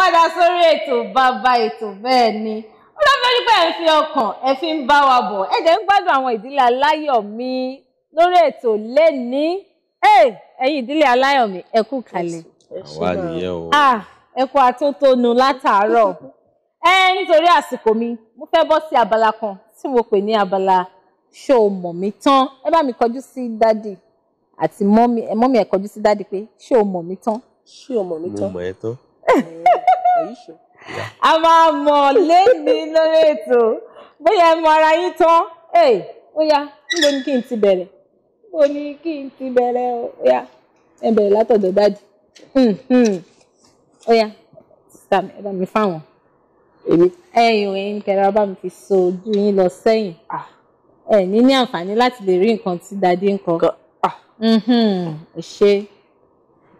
padà sórí ètò bàbá ètò bẹ́ẹ̀ ni ó lọ́ lórí pé ẹ̀ fi ọkàn ẹ̀ fi ń bá wa bọ̀ ẹ̀ dẹ̀ ń gbádùn àwọn ìdílé aláyọ̀ lórí ètò lẹ́ni ẹ̀yin ìdílé aláyọ̀ ẹ kú kalẹ̀ ẹ ah, kú àtótónu látàárọ̀ ẹ nítorí àsìkò mi mo fẹ́ bọ́ sí abala kan tí mo pè ní abala ṣó mọ̀ mí tán ẹ bá mi kọjú sí dádì àti mọ́mí ẹ kọjú sí dádì pé ṣé mọ̀ mí tán. ṣé mọ̀ mí tán. mo mọ̀ ẹ́ tán. a máa mọ̀ lẹ́ni lórí ètò bóyá ẹ mọ ara yín tán ó yá níbo ni kí n ti bẹ̀rẹ̀ níbo ni kí n ti bẹ̀rẹ̀ ó yá ẹ bẹ̀rẹ̀ látọ̀dọ̀ dájú ó yá sísàmì ẹ bá mi fáwọn. èmi. ẹ̀yin ẹ̀yin kẹrẹ bá mi fi so ojú yín lọ sẹ́yìn ẹ ní àǹfààní láti lè rí nǹkan tí dadi ń kọ hmm, hmm. ṣe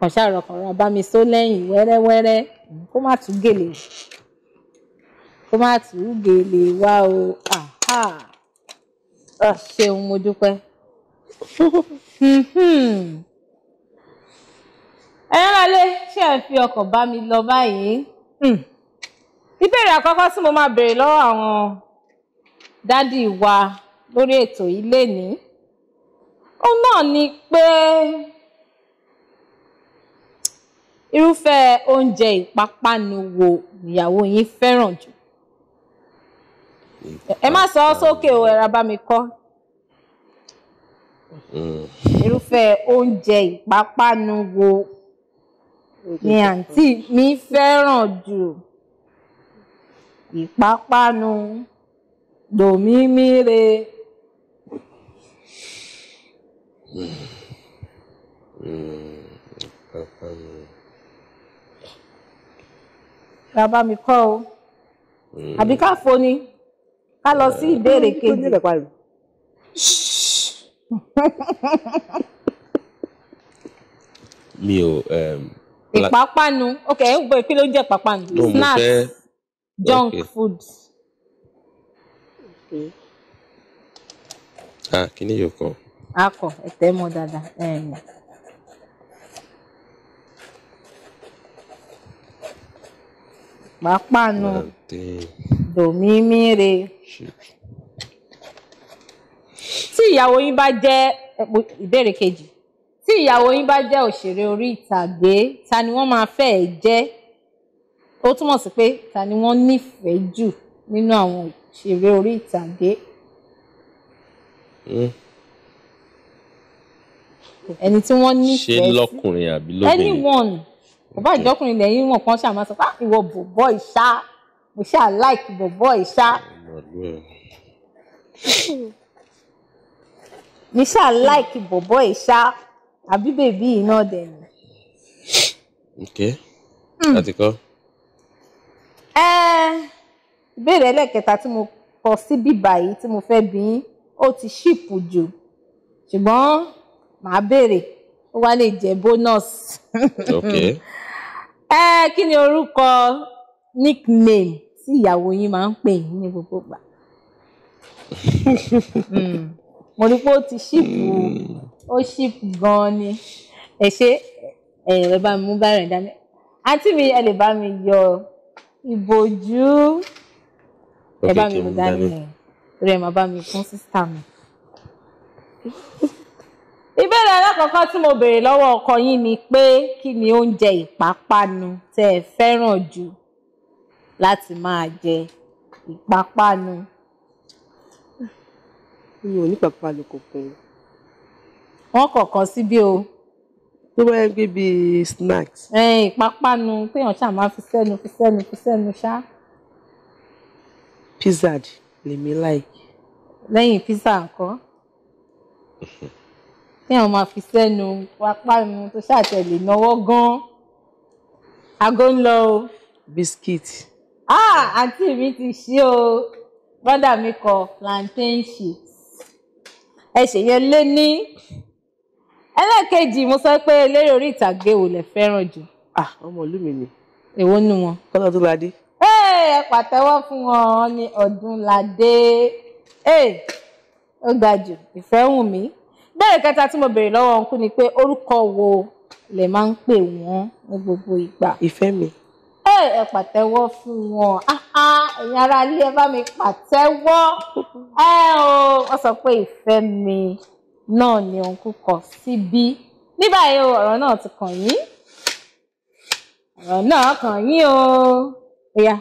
kàn bá mi so lẹ́yìn wẹ́rẹ́wẹ́rẹ́ kó má tú gèlè kó má tú gèlè wá o ṣeun mo dúpẹ́. ẹ̀yin lálé ṣé ẹ fi ọkàn bá mi lọ báyìí. Hmm. ìbéèrè àkọ́kọ́ tí mo máa béèrè lọ́wọ́ àwọn dádì wa lórí ètò yìí lénìí òun náà ni pé. Pe Irúfẹ́ oúnjẹ ìpápánu wo ìyàwó yín fẹ́ràn jù? Ẹ má sọ ọ́ sókè o, ẹ̀rọ abá mi kọ́. Hmm. Irúfẹ́ oúnjẹ ìpápánu wo ni àǹtí mi fẹ́ràn jù? Ìpápánu dòmímíre. Mm. Mm. ra bá mi kọ́ o mm. àbí ká foni ká lọ sí ìbéèrè kejì. mi ò. ìpápánu ok ẹ ń gbọ́ kí ló ń jẹ́ junk okay. food. ah kini ni yóò kọ. a kọ ẹ tẹ́ mọ́ Mapanu. Dòmímíre. Tí ìyàwó yín bá jẹ́ ìbéèrè kejì. Tí ìyàwó yín bá jẹ́ òṣèré orí ìtàgé, ta ni wọ́n máa fẹ́ ẹ̀ jẹ́? Ó túmọ̀ sí pé ta ni wọ́n nífẹ̀ẹ́ jù nínú àwọn òṣèré orí ìtàgé? Ẹni tí wọ́n nífẹ̀ẹ́ sí. Ṣé lọ́kùnrin àbí lóbìnrin? Anyone bàbá ìjọkùnrin lẹ́yìn wọn kan ṣàmà sọ pé ah, ìwọ bòbọ́ ìṣá mo ṣáà láìkì bòbọ́ ìṣá mi ṣáà láìkì bòbọ́ ìṣá àbí bèbí iná dẹ̀ ni. ok hmm. láti kọ́. ìbéèrè ẹlẹ́kẹta tí mo kọ sí bíbà yìí tí mo fẹ́ bí ó ti ṣìpù jù ṣùgbọ́n màá béèrè ó wá lè jẹ́ bonus. okay. ẹ kí ni orúkọ nickname tí ìyàwó yín máa ń pè yín ní gbogbo ìgbà. Hmm. mo rí pé ó ti ṣìpù hmm. ó ṣìpù gan-an ni ẹ ṣe ẹ ẹ bá mi mú báyìí dání àǹtí mi ẹ lè bá mi yọ ìbòjú ẹ bá mi mú dání rẹ màá bá mi fún ìbéèrè alákọ̀ọ́kọ́ tí mo béèrè lọ́wọ́ ọkọ yín ni pé kí ni oúnjẹ ìpápánu tẹ́ ẹ fẹ́ràn jù láti máa jẹ ìpápánu. mi ò ní ìpápánu kankan. wọ́n kọ̀ọ̀kan síbí o. tó bá yẹ gbé bíi snacks. ìpápánu téèyàn ṣáà máa fi sẹ́nu fi sẹ́nu fi sẹ́nu ṣá. pizza lèmi like. lẹ́yìn pizza nǹkan. téèyàn máa fi sẹ́nu wapá nu tó ṣàtẹ̀lé náwó gan-an. aago ń lọ o. biscuit. ah àǹtí mi ti ṣí o bọ́dà mi kọ plantain chips. ẹ ṣèyẹn lé ní ẹlẹ́ẹ̀kejì mo sọ pé eléré orí ìtàgé wo lẹ fẹ́ràn jù. ah ọmọ ìlú mi ni. èwo nu wọn. kọ́lá tó la dé. ẹ pàtẹ́wọ́ fún wọn ní ọdún la dé. ó ga ìfẹ́ wù mí bẹ́ẹ̀ kẹta tí mo béèrè lọ́wọ́ ọ̀nkú ni pé orúkọ wo lè máa ń pè wọ́n ní gbogbo ìgbà. ìfẹ́ mi. ẹ ẹ pàtẹ́wọ́ fún wọn ẹ̀yin ará ilé ẹ bá mi pàtẹ́wọ́ ẹ o sọ pé ìfẹ́ mi náà ni ọ̀nkú kọ síbí ní báyìí o ọ̀rọ̀ náà ti kàn yín ọ̀rọ̀ náà kàn yín o ẹ̀yà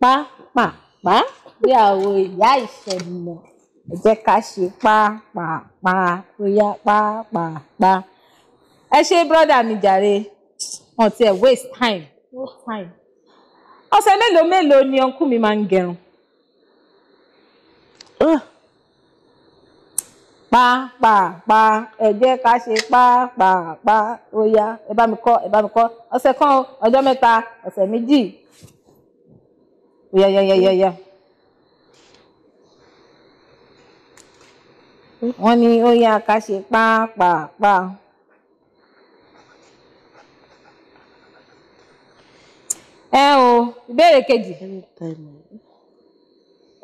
pàápàá bí àwọ̀ ìyá ìṣẹ̀lẹ̀ ẹ jẹ́ ká ṣe pápápá bóyá pápápá. ẹ ṣe brọ́dà mi jàre wọn ti ẹ̀ waste time no time. ọ̀sẹ̀ mélòó mélòó ni ọkùnrin mi máa ń gẹrun. Ah. pápápá ẹ jẹ́ ká ṣe pápápá bóyá ẹ bá mi kọ́ ẹ bá mi kọ́ ọ̀sẹ̀ kan ọjọ́ mẹ́ta ọ̀sẹ̀ méjì. Yeah, yeah, yeah, yeah, yeah. wọ́n ní ó yá ká ṣe pàápàá. ẹ o ìbéèrè kejì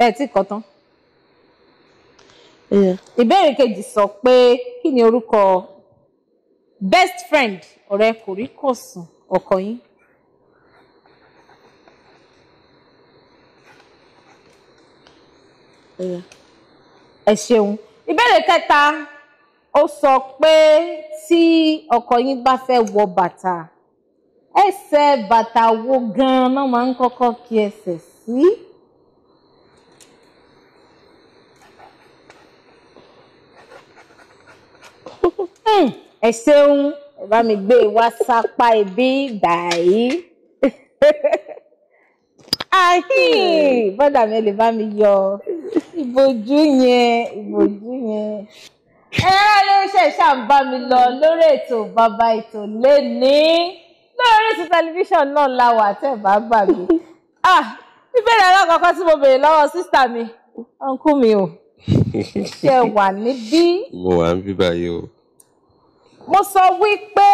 ẹ tí kọ tán ìbéèrè kejì sọ pé kí ni orúkọ best friend ọ̀rẹ́ kòríkòsùn ọkọ yín. ẹ ṣeun ìbéèrè kẹta ó sọ pé tí ọkọ yín bá fẹ́ wọ bàtà ẹsẹ̀ bàtà wo gan-an náà máa ń kọ́kọ́ kí ẹsẹ̀ sí. Hmm, ẹ ṣeun ẹ bá mi gbé e wá sápá ibi báyìí. bọ́dà mi lè bá mi yọ ìbojú yẹn ìbojú yẹn ẹ lè ṣẹ̀ṣà ń bá mi lọ lórí ètò bàbá ètò léni lórí ètò tẹlifíṣàn náà láwà tẹ̀ bá gbàgbé ah ìbéèrè alákọ̀ọ́kọ́ tí mo béèrè lọ́wọ́ sísà mi ọ̀nkú mi o ṣe wà níbí. mo wà níbí báyìí o. mo sọ wípé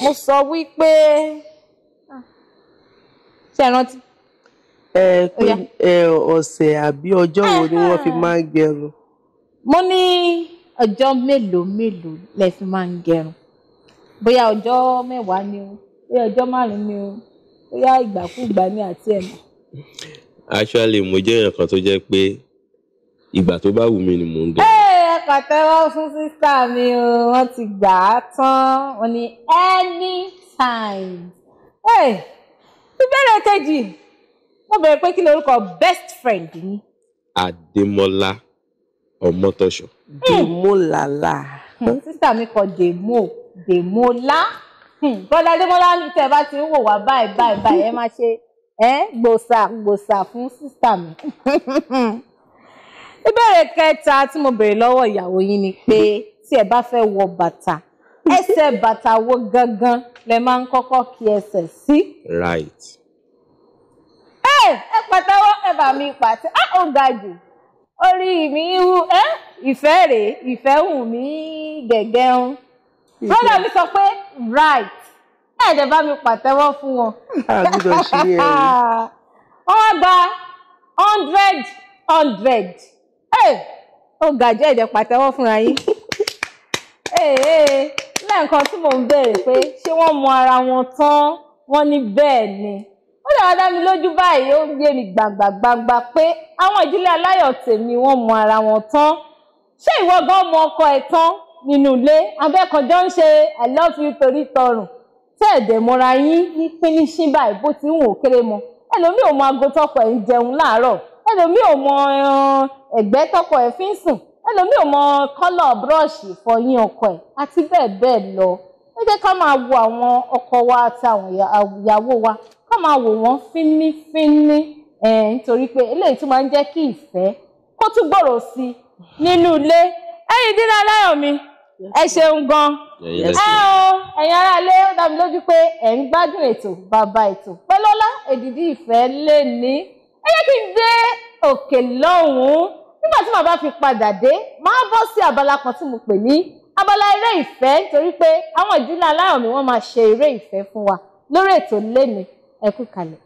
mo sọ wípé ṣe rántí. ẹ pé ẹ ọ̀sẹ̀ àbí ọjọ́ wo ni wọ́n fi ah. máa ń gẹrun. mo ní ọjọ́ mélòó mélòó lẹ fi máa ń gẹrun bóyá ọjọ́ mẹ́wàá ni o bóyá ọjọ́ márùn-ún ni o bóyá ìgbàkúgbà ni àti ẹ̀mọ́. actually mo jẹ́ èèyàn kan tó jẹ́ pé ìgbà tó bá wù mí ni mò ń gẹrun pàtẹ́wọ́ fún sísá mi o wọ́n ti gbà á tán wọ́n ní anytime. Hey! ìbéèrè kejì mo bẹ̀rẹ̀ pé kí ni orúkọ best friend yín. Adémọ́lá Ọmọ́tọ́ṣọ̀. Dèmólàlà. Hmm, sísà mi kọ Dèmó Dèmólá hmm, bọ́lá Adémọ́lá ní tẹ́ ẹ bá ti ń wò wá báyìí báyìí báyìí ẹ máa ṣe gbòòsà gbòòsà fún sísà mi. ìbéèrè kẹta tí mo béèrè lọ́wọ́ ìyàwó yín ni pé tí ẹ bá fẹ́ wọ bàtà ese bàtà wo gangan lẹ máa ń kọ́kọ́ kí ẹsẹ̀ sí. right. ẹ ẹ pàtẹ́wọ́ ẹ mi pàtẹ́ á ah, ó ga jù orí mi wú ẹ ife rèé ìfẹ́ wù mí gẹ̀gẹ́ ń. mi sọ pé right ẹ dẹ̀ bá mi pàtẹ́wọ́ fún wọn. àgùdọ̀ ṣe é. wọ́n gba hundred hundred ó ga jẹ́ ẹ̀dẹ̀ pàtẹ́wọ́ fúnra yín. bẹ́ẹ̀ nǹkan tí mò ń béèrè pé ṣé wọ́n mọ ara wọn tán wọ́n ní bẹ́ẹ̀ ni ó lè wáá dá mi lójú báyìí ó yé mi gbàgbàgbàgbà pé àwọn ìdílé aláyọ̀ tèmi wọ́n mọ ara wọn tán ṣé ìwọ gan mọ ọkọ ẹ̀ tán nínú ilé abẹ́kànjọ́ ń ṣe i love you torí tọrùn tẹ́ ẹ̀dẹ̀ mọ́ra yín ní pínísín báyìí bó ti ń wò kéré mọ́ ẹlòmíì ò mọ aago tọkọ ẹ̀ ń jẹun láàárọ̀ ẹlòmíì ò mọ eh, ẹ̀gbẹ́ ẹ̀ fi ń sùn ẹlòmíì ò mọ kọ́lọ̀ búrọ́ọ̀ṣì ìfọyín ọkọ ẹ̀ àti bẹ́ẹ̀ bẹ́ẹ̀ lọ ẹ jẹ́ ká máa wo àwọn ọkọ wa àtàwọn ìyàwó wa ká máa wò wọ́n fínífíní nítorí pé eléyìí tún máa ń jẹ́ kí ìfẹ́ kó tún gbòòrò sí nínú ilé ẹ̀yin dínà láyọ̀ mi ẹ ṣeun gan ẹ o ẹ̀yin ará ilé ó dá mi lójú pé ẹ ń gbádùn ètò bàbá ètò pẹlọlá èdìdí ìfẹ́ lè ní ẹ jẹ́ kí n dé òkè lọ́hùnún nígbà tí màá bá fi padà dé màá bọ́ sí abala kan tí mo pè ní abala eré ìfẹ́ nítorí pé àwọn ìdílé aláyọ̀ mi wọ́n máa ṣe eré ìfẹ́ fún wa lórí ètò lẹ́nu ẹ̀kú kalẹ̀.